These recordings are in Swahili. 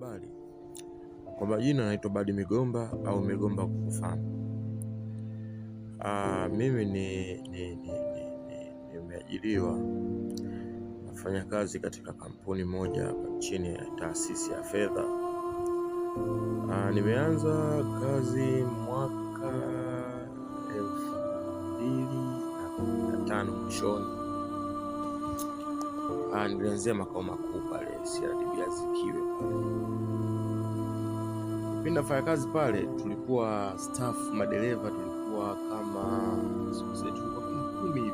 Habari, kwa majina naitwa Badi Migomba au Migomba Kuku ah, mimi ni nimeajiriwa ni, ni, ni, ni nafanya kazi katika kampuni moja chini ya taasisi ya fedha. Ah, nimeanza kazi mwaka elfu mbili na kumi na tano mwishoni Ah, nilianzia makao makuu pale CRDB Azikiwe pale. Mimi nafanya kazi pale, tulikuwa staff madereva tulikuwa kama siku zetu kumi hivi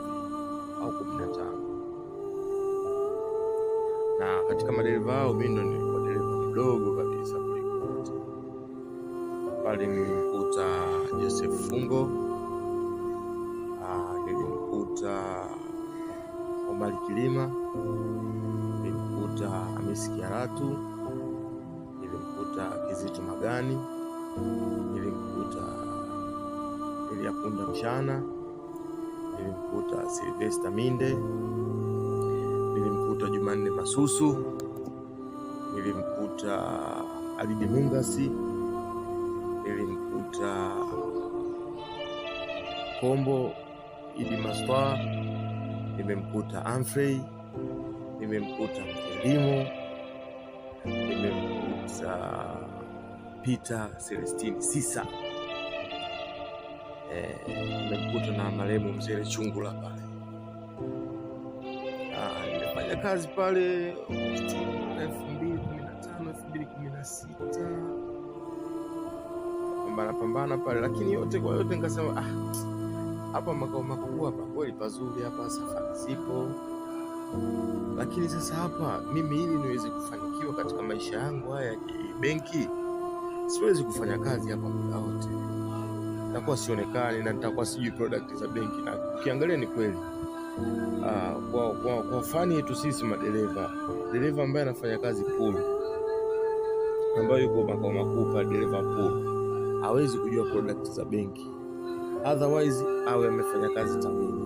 au kumi na tano, na katika madereva hao mimi ndo nilikuwa dereva mdogo kabisa kuliko pale. Nilimkuta Joseph Fungo, ah, nilimkuta Omari Kilima, nilimkuta Hamisi Kiaratu, nilimkuta Kizito Magani, nilimkuta Elia Punda Mshana, nilimkuta Silvesta Minde, nilimkuta Jumanne Masusu, nilimkuta Alidi Mungasi, nilimkuta Kombo Idi Maswaa nimemkuta Amfrey, nimemkuta Mkelimo, nimemkuta Peter celestine Sisa, eh, imemkuta na marehemu mzee Chungula pale. Ah, nimefanya kazi pale elfu mbili kumi na tano elfu mbili kumi na sita pambana pambana pale, lakini yote kwa yote nikasema ah hapa makao makuu hapa kweli pazuri hapa, safari zipo, lakini sasa hapa mimi ili niweze kufanikiwa katika maisha yangu haya benki, siwezi kufanya kazi hapa muda wote, nitakuwa sionekani na nitakuwa sijui product za benki. Na ukiangalia ni kweli uh, kwa, kwa, kwa fani yetu sisi madereva, dereva ambaye anafanya kazi pool, ambayo yuko makao makuu pa dereva pool, hawezi kujua product za benki otherwise awe amefanya kazi tangu.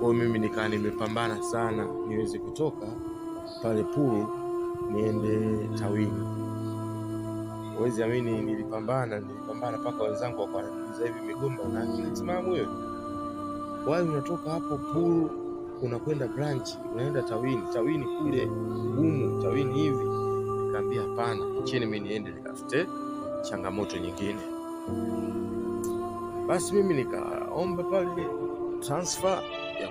Kwa mimi nikaa nimepambana sana niweze kutoka pale pool niende tawini. Huwezi amini, nilipambana nilipambana mpaka wenzangu wakaanikiza hivi migomba na akinisimama wewe, wai unatoka hapo pool unakwenda branch unaenda tawini, tawini kule gumu, tawini hivi. Nikaambia hapana, chini mimi niende nikafute changamoto nyingine. Basi mimi nikaomba pale transfer ya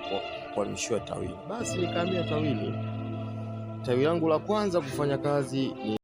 kuhamishiwa tawini, basi nikahamia tawini. Tawi langu la kwanza kufanya kazi ni